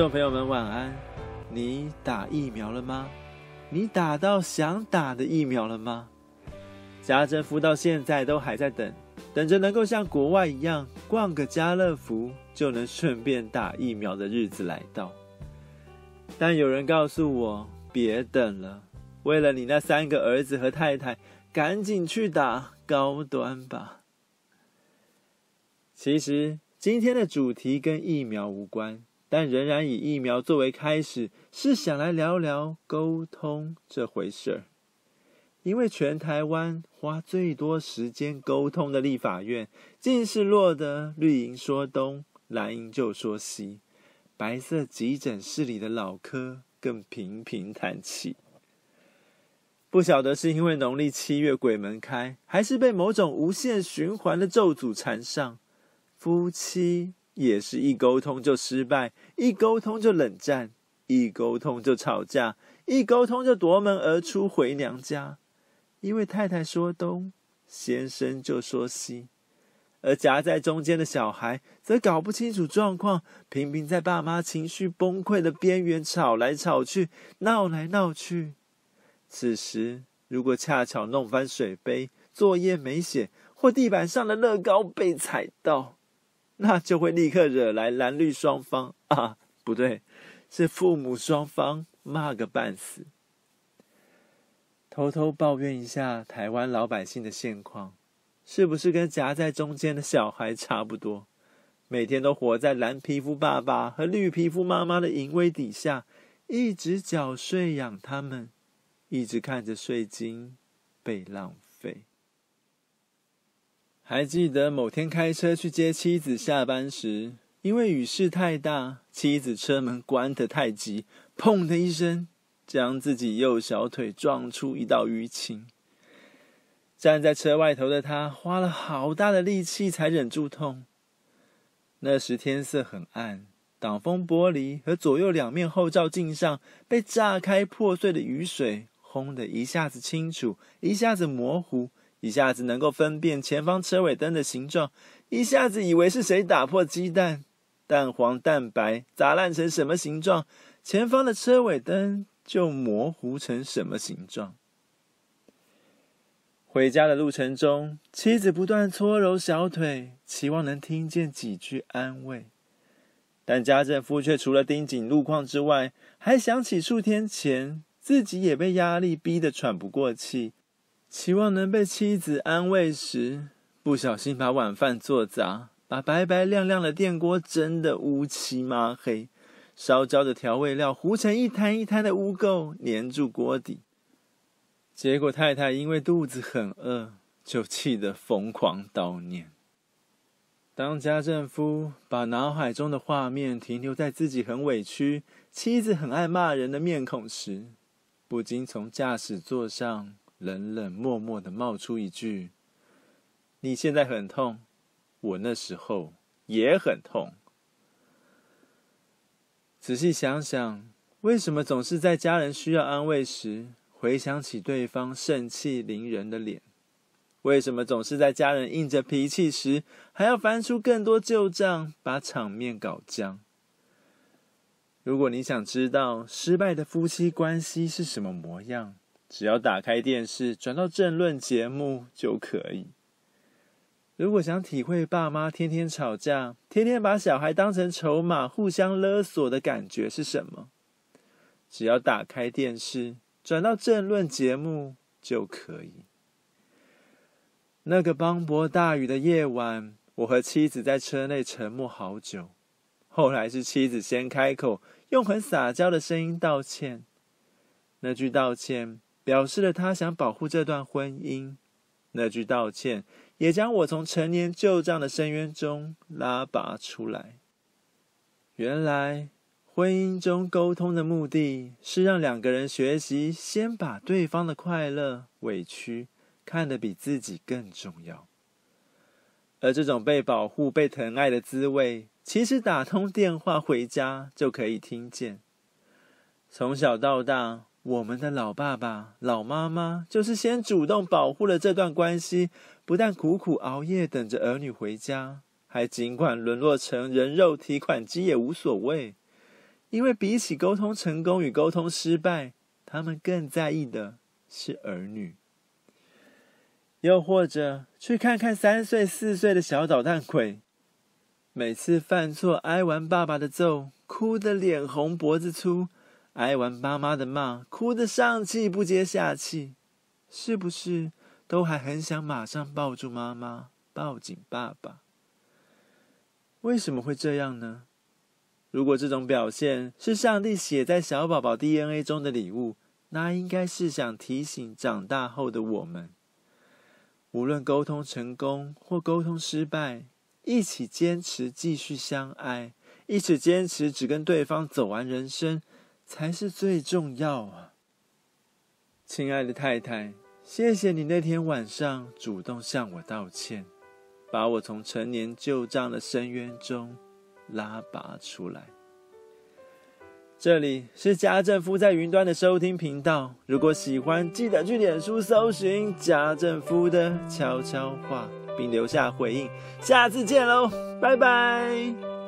聽眾朋友們，晚安！你打疫苗了嗎？你打到想打的疫苗了嗎？家政夫到現在都還在等，等着能夠像國外一樣逛個家樂福就能順便打疫苗的日子來到。但有人告訴我，別等了，為了你那三個兒子和太太，趕緊去打高端吧。其實今天的主題跟疫苗無關。但仍然以疫苗作為開始，是想來聊聊溝通這回事兒。因為全台灣花最多時間溝通的立法院，竟是落得綠營說東，藍營就說西。白色急診室裡的老柯更頻頻嘆氣，不曉得是因為農曆七月鬼門開，還是被某種無限循環的咒詛纏上。夫妻。也是一溝通就失敗，一溝通就冷戰，一溝通就吵架，一溝通就奪門而出回娘家。因為太太說東，先生就說西，而夾在中間的小孩則搞不清楚狀況，頻頻在爸媽情緒崩潰的邊緣吵來吵去，鬧來鬧去。此時如果恰巧弄翻水杯、作業沒寫或地板上的樂高被踩到，那就會立刻惹來藍綠雙方啊，不對，是父母雙方罵個半死。偷偷抱怨一下台灣老百姓的現況，是不是跟夾在中間的小孩差不多？每天都活在藍皮膚爸爸和綠皮膚媽媽的淫威底下，一直繳稅養他們，一直看着稅金被浪費。還記得某天開車去接妻子下班時，因為雨勢太大，妻子車門關得太急，砰的一聲，將自己右小腿撞出一道淤青。站在車外頭的他，花了好大的力氣才忍住痛。那時天色很暗，擋風玻璃和左右兩面後照鏡上被炸開破碎的雨水，轟的一下子清楚，一下子模糊。一下子能夠分辨前方車尾燈的形狀，一下子以為是誰打破雞蛋，蛋黃蛋白砸爛成什麼形狀，前方的車尾燈就模糊成什麼形狀。回家的路程中，妻子不斷搓揉小腿，期望能聽見幾句安慰。但家政夫卻除了盯緊路況之外，還想起數天前自己也被壓力逼得喘不過氣。期望能被妻子安慰時，不小心把晚飯做砸，把白白亮亮的電鍋蒸得烏漆抹黑，燒焦的調味料糊成一灘一灘的污垢，粘住鍋底。結果太太因為肚子很餓，就氣得瘋狂叨念。當家政夫把腦海中的畫面停留在自己很委屈、妻子很愛罵人的面孔時，不禁從駕駛座上，冷冷漠漠的冒出一句：“你現在很痛，我那時候也很痛。”仔細想想，為什麼總是在家人需要安慰時，回想起對方盛氣凌人的臉？為什麼總是在家人硬着脾氣時，還要翻出更多舊賬，把場面搞僵？如果你想知道失敗的夫妻關係是什麼模樣，只要打開電視，轉到政論節目就可以。如果想體會爸媽天天吵架、天天把小孩當成籌碼，互相勒索的感覺是什麼？只要打開電視，轉到政論節目就可以。那個滂沱大雨的夜晚，我和妻子在車內沉默好久。後來是妻子先開口，用很撒嬌的聲音道歉，那句道歉。表示了他想保護這段婚姻，那句道歉也將我從陳年舊賬的深淵中拉拔出來。原來，婚姻中溝通的目的是讓兩個人學習先把對方的快樂委屈看得比自己更重要。而這種被保護、被疼愛的滋味，其實打通電話回家就可以聽見。從小到大，我們的老爸爸、老媽媽，就是先主動保護了這段關係，不但苦苦熬夜等着兒女回家，還儘管淪落成人肉提款機也無所謂。因為比起溝通成功與溝通失敗，他們更在意的是兒女。又或者去看看三歲、四歲的小搗蛋鬼，每次犯錯挨完爸爸的揍，哭得臉紅脖子粗。挨完媽媽的罵，哭得上氣不接下氣，是不是都還很想馬上抱住媽媽，抱緊爸爸？為什麼會這樣呢？如果這種表現是上帝寫在小寶寶 DNA 中的禮物，那應該是想提醒長大後的我們：無論溝通成功或溝通失敗，一起堅持繼續相愛，一起堅持只跟對方走完人生。才是最重要啊，親愛的太太，謝謝你那天晚上主動向我道歉，把我從陳年舊賬的深淵中拉拔出來。這裡是家政夫在雲端的收聽頻道，如果喜歡，記得去臉書搜尋家政夫的悄悄話，並留下回應。下次見嘍，拜拜！